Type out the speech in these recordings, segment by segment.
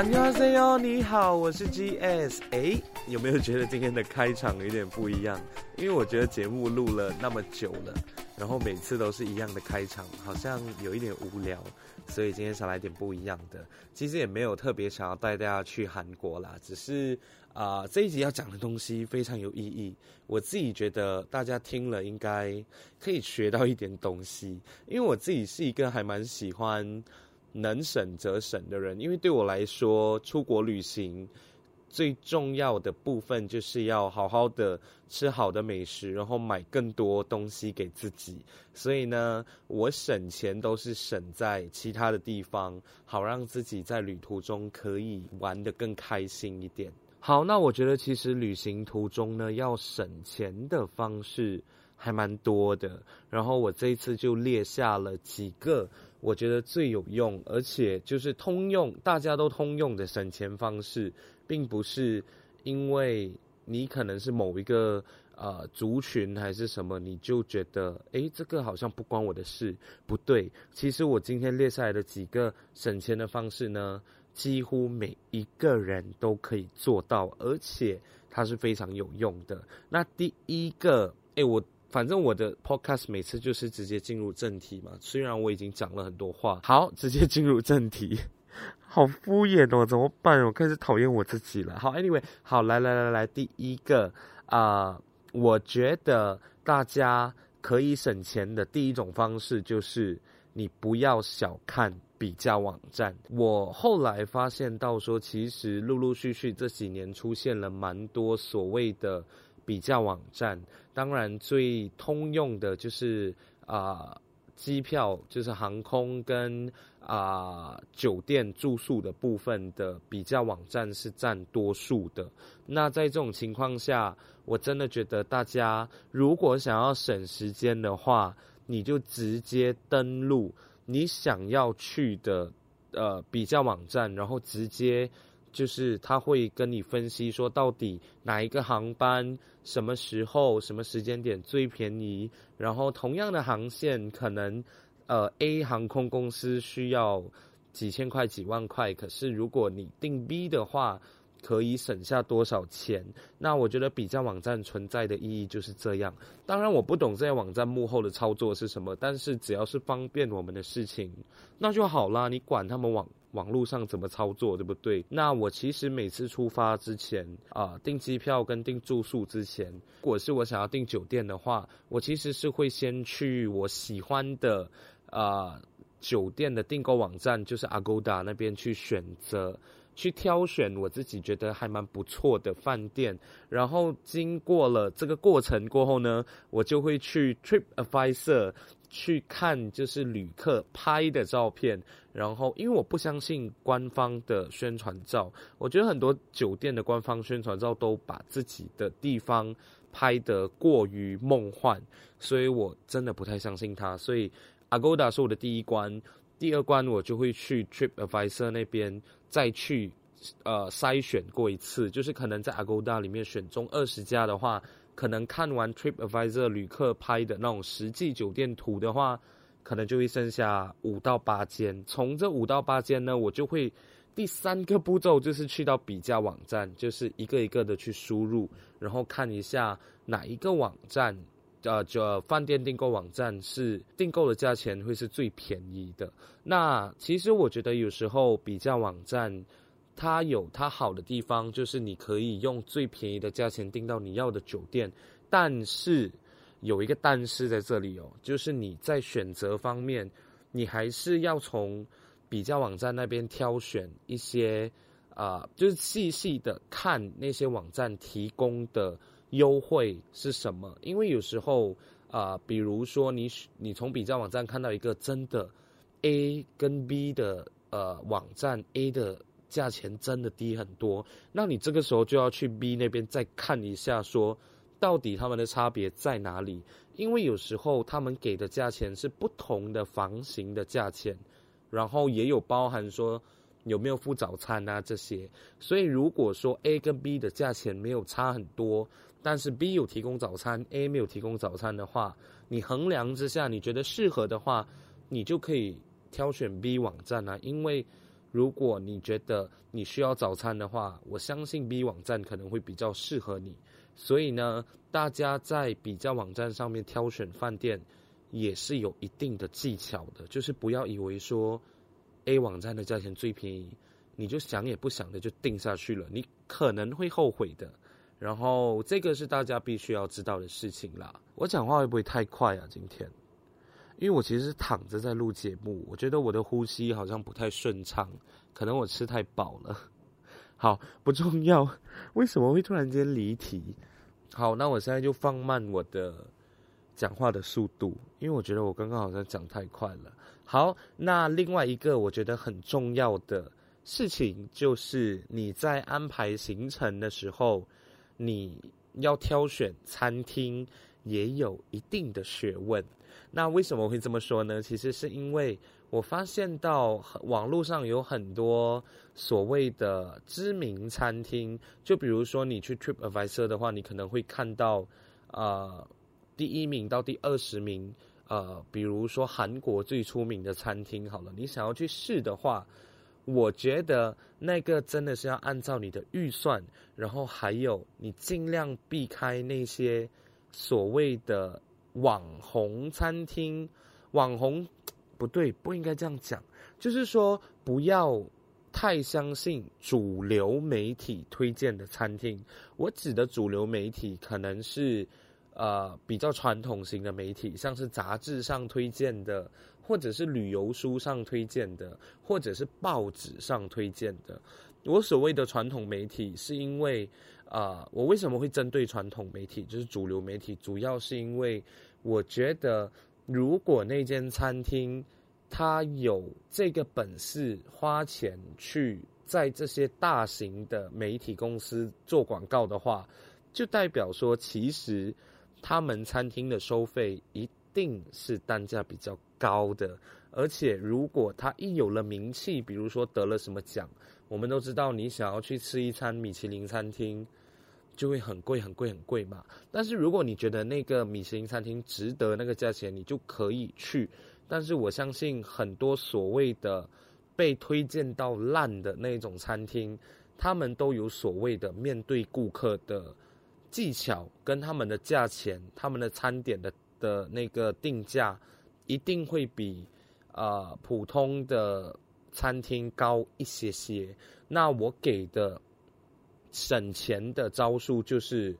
안녕하세요，你好，我是 GS。哎，有沒有覺得今天的開場有點不一樣？因為我覺得節目錄了那麼久了，然後每次都是一樣的開場，好像有一點無聊，所以今天想來點不一樣的。其實也沒有特別想要帶大家去韓國啦，只是啊、呃，這一集要講的東西非常有意義，我自己覺得大家聽了應該可以學到一點東西，因為我自己是一個還蠻喜歡。能省則省的人，因為對我來說，出國旅行最重要的部分就是要好好的吃好的美食，然後買更多東西給自己。所以呢，我省錢都是省在其他的地方，好讓自己在旅途中可以玩得更開心一點。好，那我覺得其實旅行途中呢，要省錢的方式還蠻多的，然後我這一次就列下了幾個。我覺得最有用，而且就是通用，大家都通用的省錢方式，並不是因為你可能是某一個呃族群，還是什麼，你就覺得哎，這個好像不關我的事。不對，其實我今天列下來的幾個省錢的方式呢，幾乎每一個人都可以做到，而且它是非常有用的。那第一個，哎我。反正我的 podcast 每次就是直接進入正題嘛，雖然我已經講了很多話，好，直接進入正題，好敷衍哦，怎麼辦？我開始討厭我自己了。好，Anyway，好，來來來來，第一個啊、呃，我覺得大家可以省錢的第一種方式就是，你不要小看比較網站。我後來發現到說，其實陸陸續續這幾年出現了蠻多所謂的。比較網站，當然最通用的就是啊，呃，機票就是航空跟啊，呃，酒店住宿的部分的比較網站是佔多數的。那在這種情況下，我真的覺得大家如果想要省時間的話，你就直接登錄你想要去的呃比較網站，然後直接。就是他會跟你分析說，到底哪一個航班什麼時候、什麼時間點最便宜。然後，同樣的航線，可能呃 A 航空公司需要幾千塊、幾萬塊，可是如果你訂 B 的話，可以省下多少錢？那我覺得比較網站存在的意義就是這樣。當然，我不懂這些網站幕後的操作是什麼，但是只要是方便我們的事情，那就好啦。你管他們網。網絡上怎麼操作，對不對？那我其實每次出發之前啊、呃，訂機票跟訂住宿之前，如果是我想要訂酒店的話，我其實是會先去我喜歡的啊、呃、酒店的訂購網站，就是 Agoda 那邊去選擇、去挑選我自己覺得還蠻不錯的飯店。然後經過了這個過程過後呢，我就會去 TripAdvisor。去看就是旅客拍的照片，然後因為我不相信官方的宣傳照，我覺得很多酒店的官方宣傳照都把自己的地方拍得過於夢幻，所以我真的不太相信它。所以 Agoda 是我的第一關，第二關我就會去 TripAdvisor 那邊再去呃篩選過一次，就是可能在 Agoda 裡面選中二十家的話。可能看完 Trip Advisor 旅客拍的那種實際酒店圖的話，可能就會剩下五到八間。從這五到八間呢，我就會第三個步驟就是去到比價網站，就是一個一個的去輸入，然後看一下哪一個網站，呃，這飯店訂購網站是訂購的價錢會是最便宜的。那其實我覺得有時候比價網站。它有它好的地方，就是你可以用最便宜的價錢訂到你要的酒店，但是有一個但是在這裡哦，就是你在選擇方面，你還是要從比較網站那邊挑選一些，啊、呃、就是細細的看那些網站提供的優惠是什麼，因為有時候，啊、呃、比如說你你從比較網站看到一個真的 A 跟 B 的呃網站 A 的。價錢真的低很多，那你這個時候就要去 B 那邊再看一下說，說到底他們的差別在哪裡？因為有時候他們給的價錢是不同的房型的價錢，然後也有包含說有沒有付早餐啊這些。所以如果說 A 跟 B 的價錢沒有差很多，但是 B 有提供早餐，A 沒有提供早餐的話，你衡量之下你覺得適合的話，你就可以挑選 B 網站啊，因為。如果你覺得你需要早餐的話，我相信 B 網站可能會比較適合你。所以呢，大家在比較網站上面挑選飯店，也是有一定的技巧的。就是不要以為說 A 網站的價錢最便宜，你就想也不想的就定下去了，你可能會後悔的。然後這個是大家必須要知道的事情啦。我講話會不會太快啊？今天？因為我其實是躺着在錄節目，我覺得我的呼吸好像不太順暢，可能我吃太飽了。好，不重要。為什麼會突然間離題？好，那我現在就放慢我的講話的速度，因為我覺得我剛剛好像講太快了。好，那另外一個我覺得很重要的事情就是，你在安排行程的時候，你要挑選餐廳也有一定的學問。那為什麼會這麼說呢？其實是因為我發現到網絡上有很多所謂的知名餐廳，就比如說你去 TripAdvisor 的話，你可能會看到，啊、呃，第一名到第二十名，呃，比如說韓國最出名的餐廳，好了，你想要去試的話，我覺得那個真的是要按照你的預算，然後還有你盡量避開那些所謂的。網紅餐廳，網紅不對，不應該這樣講。就是說，不要太相信主流媒體推薦的餐廳。我指的主流媒體，可能是呃比較傳統型的媒體，像是雜誌上推薦的，或者是旅遊書上推薦的，或者是報紙上推薦的。我所謂的傳統媒體，是因為，啊、呃，我為什麼會針對傳統媒體，就是主流媒體，主要是因為我覺得，如果那間餐廳他有這個本事花錢去在這些大型的媒體公司做廣告的話，就代表說其實他們餐廳的收費一定。定是單價比較高的，而且如果他一有了名氣，比如說得了什麼獎，我們都知道，你想要去吃一餐米其林餐廳，就會很貴很貴很貴嘛。但是如果你覺得那個米其林餐廳值得那個價錢，你就可以去。但是我相信很多所謂的被推薦到爛的那種餐廳，他們都有所謂的面對顧客的技巧，跟他們的價錢、他們的餐點的。的那個定價一定會比，呃，普通的餐廳高一些些。那我給的省錢的招數就是，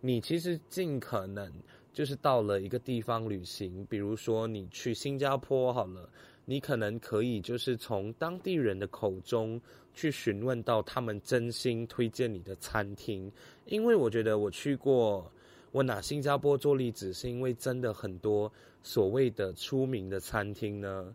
你其實盡可能就是到了一個地方旅行，比如說你去新加坡好了，你可能可以就是從當地人的口中去詢問到他們真心推薦你的餐廳，因為我覺得我去過。我拿新加坡做例子，是因為真的很多所謂的出名的餐廳呢，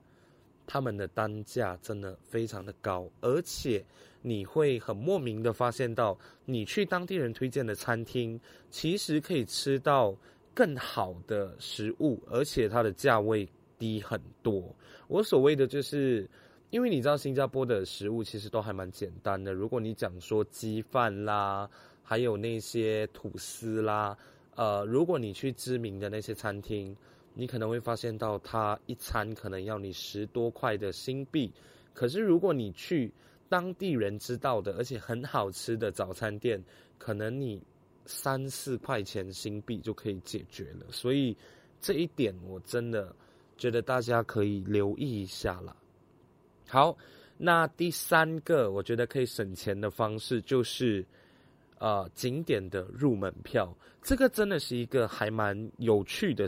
他們的單價真的非常的高，而且你會很莫名的發現到，你去當地人推薦的餐廳，其實可以吃到更好的食物，而且它的價位低很多。我所謂的就是，因為你知道新加坡的食物其實都還蠻簡單的，如果你講說雞飯啦，還有那些吐司啦。呃，如果你去知名的那些餐廳，你可能會發現到它，一餐可能要你十多塊的新幣。可是如果你去當地人知道的，而且很好吃的早餐店，可能你三四塊錢新幣就可以解決了。所以這一點我真的覺得大家可以留意一下啦。好，那第三個我覺得可以省錢的方式就是。呃、啊，景點的入門票，這個真的是一個還蠻有趣的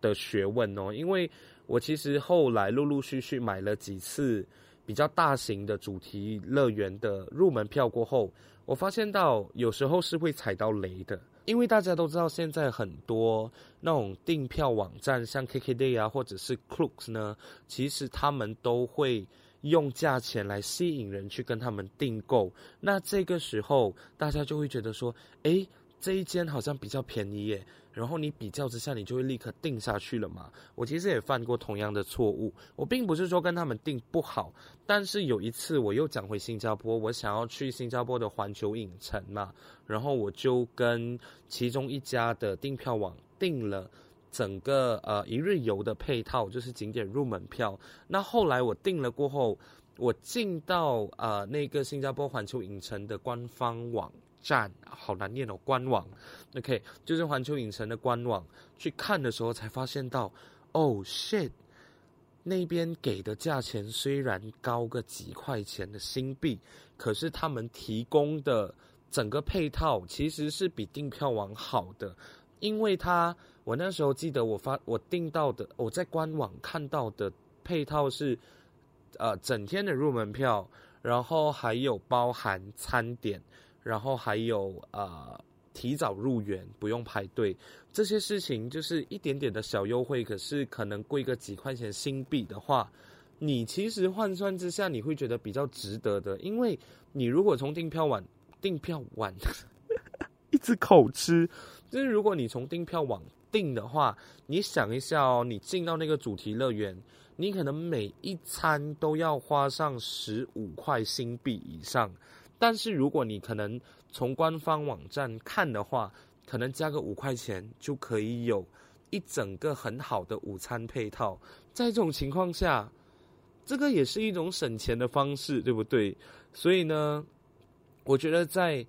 的學問哦。因為我其實後來陸陸續續買了幾次比較大型的主題樂園的入門票過後，我發現到有時候是會踩到雷的。因為大家都知道，現在很多那種訂票網站，像 KKday 啊，或者是 Klook 呢，其實他們都會。用價錢來吸引人去跟他們訂購，那這個時候大家就會覺得說，哎，這一間好像比較便宜耶，然後你比較之下，你就會立刻訂下去了嘛。我其實也犯過同樣的錯誤，我並不是說跟他們訂不好，但是有一次我又講回新加坡，我想要去新加坡的環球影城嘛，然後我就跟其中一家的訂票網訂了。整個呃一日遊的配套就是景點入門票。那後來我訂了過後，我進到啊、呃、那個新加坡環球影城的官方網站，好難念哦，官網，OK，就是環球影城的官網，去看的時候才發現到哦、Oh, shit，那邊給的價錢雖然高個幾塊錢的新幣，可是他們提供的整個配套其實是比訂票網好的，因為它。我那時候記得我發我訂到的，我在官網看到的配套是，呃，整天的入門票，然後還有包含餐點，然後還有呃，提早入園不用排隊，這些事情就是一點點的小優惠，可是可能貴個幾塊錢新幣的話，你其實換算之下，你會覺得比較值得的，因為你如果從訂票晚訂票晚，一直口吃，就是如果你從訂票晚。定的話，你想一下哦，你進到那個主題樂園，你可能每一餐都要花上十五塊新幣以上。但是如果你可能從官方網站看的話，可能加個五塊錢就可以有一整個很好的午餐配套。在這種情況下，這個也是一種省錢的方式，對不對？所以呢，我覺得在。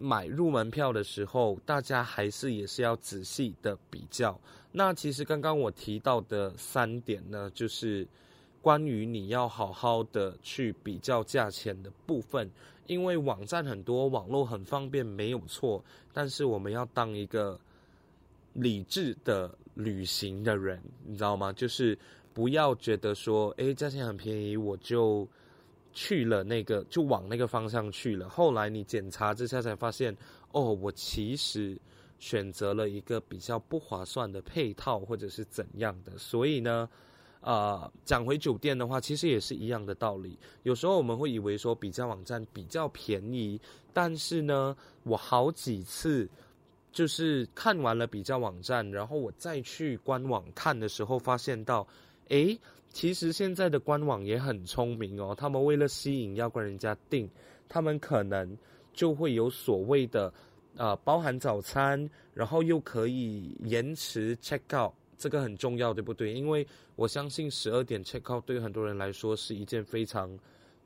買入門票的時候，大家還是也是要仔細的比較。那其實剛剛我提到的三點呢，就是關於你要好好的去比較價錢的部分。因為網站很多，網絡很方便，沒有錯。但是我們要當一個理智的旅行的人，你知道嗎？就是不要覺得說，欸，價錢很便宜，我就。去了那個就往那個方向去了，後來你檢查之下才發現，哦，我其實選擇了一個比較不划算的配套或者是怎樣的。所以呢，呃，講回酒店的話，其實也是一樣的道理。有時候我們會以為說比較網站比較便宜，但是呢，我好幾次就是看完了比較網站，然後我再去官網看的時候，發現到，哎。其實現在的官網也很聰明哦，他們為了吸引要跟人家訂，他們可能就會有所謂的，呃，包含早餐，然後又可以延遲 check out，這個很重要，對不對？因為我相信十二點 check out 對很多人來說是一件非常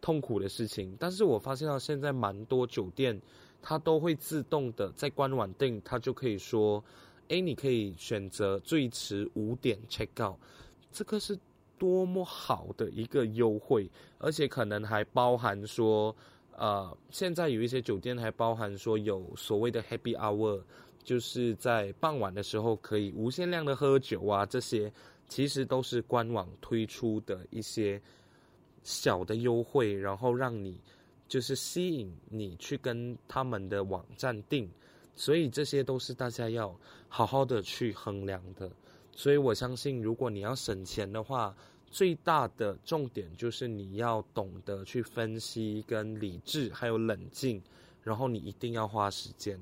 痛苦的事情。但是我發現到現在蠻多酒店，它都會自動的在官網訂，它就可以說，哎，你可以選擇最遲五點 check out，這個是。多麼好的一個優惠，而且可能還包含說，呃，現在有一些酒店還包含說有所謂的 Happy Hour，就是在傍晚的時候可以無限量的喝酒啊，這些其實都是官網推出的一些小的優惠，然後讓你就是吸引你去跟他們的網站訂，所以這些都是大家要好好的去衡量的。所以我相信，如果你要省錢的話，最大的重點就是你要懂得去分析、跟理智，還有冷靜，然後你一定要花時間，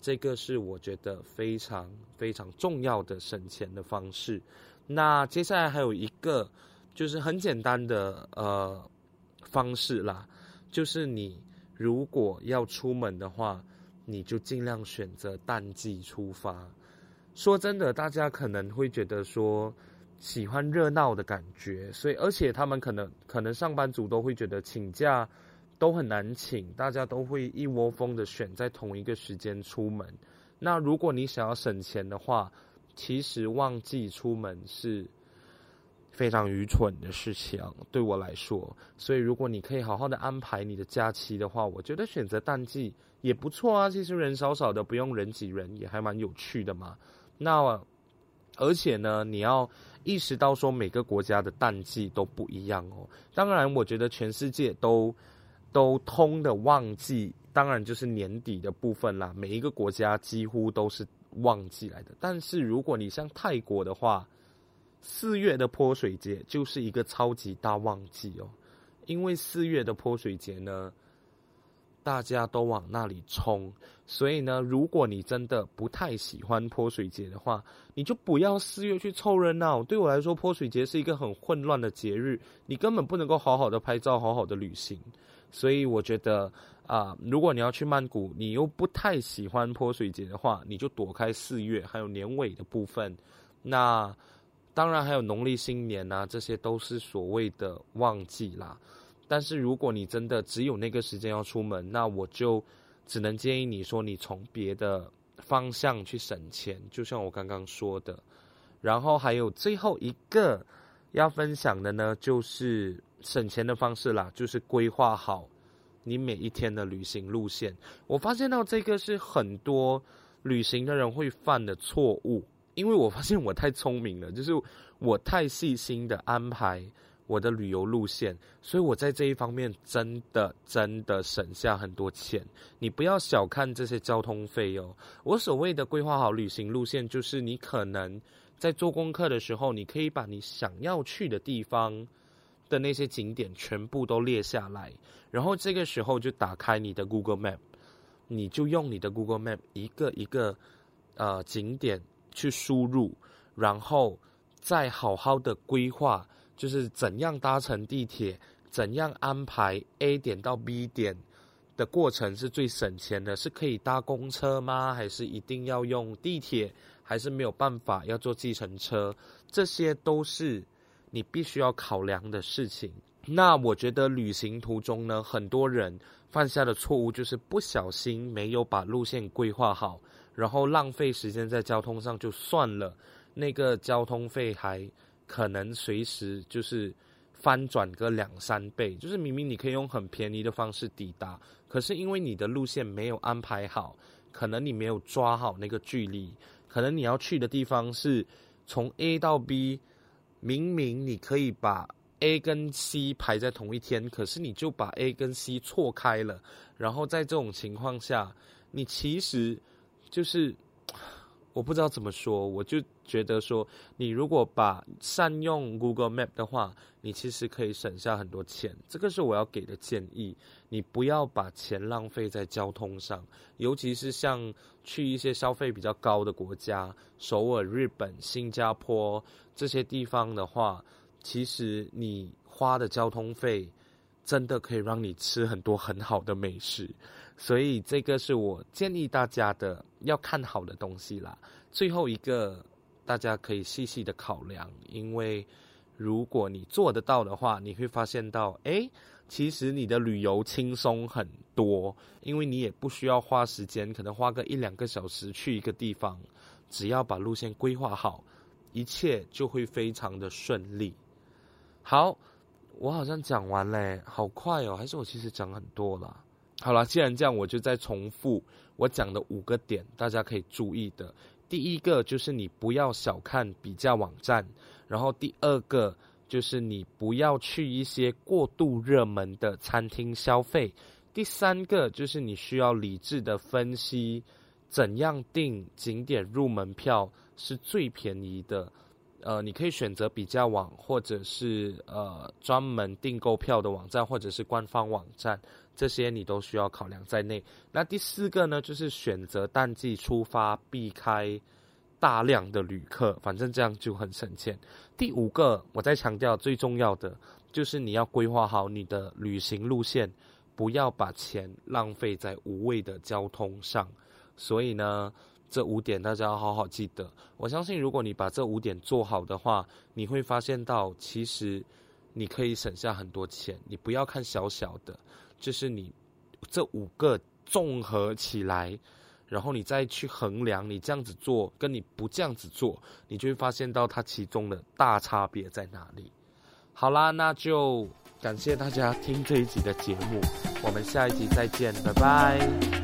這個是我覺得非常非常重要的省錢的方式。那接下來還有一個，就是很簡單的呃方式啦，就是你如果要出門的話，你就盡量選擇淡季出發。說真的，大家可能會覺得說喜歡熱鬧的感覺，所以而且他們可能可能上班族都會覺得請假都很難請，大家都會一窩蜂的選在同一個時間出門。那如果你想要省錢的話，其實旺季出門是非常愚蠢的事情，對我來說。所以如果你可以好好的安排你的假期的話，我覺得選擇淡季也不錯啊。其實人少少的，不用人擠人，也還蠻有趣的嘛。那，而且呢，你要意識到說每個國家的淡季都不一樣哦。當然，我覺得全世界都都通的旺季，當然就是年底的部分啦。每一個國家幾乎都是旺季來的。但是如果你像泰國的話，四月的潑水節就是一個超級大旺季哦，因為四月的潑水節呢。大家都往那裡衝，所以呢，如果你真的不太喜歡潑水節的話，你就不要四月去湊熱鬧、啊。對我來說，潑水節是一個很混亂的節日，你根本不能夠好好的拍照，好好的旅行。所以我覺得啊、呃，如果你要去曼谷，你又不太喜歡潑水節的話，你就躲開四月，還有年尾的部分。那當然還有農曆新年吶、啊，這些都是所謂的旺季啦。但是如果你真的只有那個時間要出門，那我就只能建議你說，你從別的方向去省錢，就像我剛剛說的。然後還有最後一個要分享的呢，就是省錢的方式啦，就是規劃好你每一天的旅行路線。我發現到這個是很多旅行的人會犯的錯誤，因為我發現我太聰明了，就是我太細心的安排。我的旅遊路線，所以我在這一方面真的真的省下很多錢。你不要小看這些交通費用哦。我所謂的規劃好旅行路線，就是你可能在做功課的時候，你可以把你想要去的地方的那些景點全部都列下來，然後這個時候就打開你的 Google Map，你就用你的 Google Map 一個一個呃景點去輸入，然後再好好的規劃。就是怎樣搭乘地鐵，怎樣安排 A 點到 B 點的過程是最省錢的？是可以搭公車嗎？還是一定要用地鐵？還是沒有辦法要坐計程車？這些都是你必須要考量的事情。那我覺得旅行途中呢，很多人犯下的錯誤就是不小心沒有把路線規劃好，然後浪費時間在交通上就算了，那個交通費還……可能隨時就是翻轉個兩三倍，就是明明你可以用很便宜的方式抵達，可是因為你的路線沒有安排好，可能你沒有抓好那個距離，可能你要去的地方是從 A 到 B，明明你可以把 A 跟 C 排在同一天，可是你就把 A 跟 C 錯開了，然後在這種情況下，你其實就是。我不知道怎麼說，我就覺得說，你如果把善用 Google Map 的話，你其實可以省下很多錢。這個是我要給的建議，你不要把錢浪費在交通上，尤其是像去一些消費比較高的國家，首爾、日本、新加坡這些地方的話，其實你花的交通費真的可以讓你吃很多很好的美食。所以這個是我建議大家的，要看好的東西啦。最後一個，大家可以細細的考量，因為如果你做得到的話，你會發現到，誒，其實你的旅遊輕鬆很多，因為你也不需要花時間，可能花個一兩個小時去一個地方，只要把路線規劃好，一切就會非常的順利。好，我好像講完嘞，好快哦，還是我其實講很多啦。好了，既然這樣，我就再重複我講的五個點，大家可以注意的。第一個就是你不要小看比較網站，然後第二個就是你不要去一些過度熱門的餐廳消費，第三個就是你需要理智的分析怎樣訂景點入門票是最便宜的。呃，你可以選擇比較網，或者是呃專門訂購票的網站，或者是官方網站。這些你都需要考量在內。那第四個呢，就是選擇淡季出發，避開大量的旅客，反正這樣就很省錢。第五個，我再強調最重要的就是你要規劃好你的旅行路線，不要把錢浪費在無謂的交通上。所以呢，這五點大家要好好記得。我相信，如果你把這五點做好的話，你會發現到其實你可以省下很多錢。你不要看小小的。就是你這五個綜合起來，然後你再去衡量，你這樣子做跟你不這樣子做，你就會發現到它其中的大差別在哪裡。好啦，那就感謝大家聽這一集的節目，我們下一集再見，拜拜。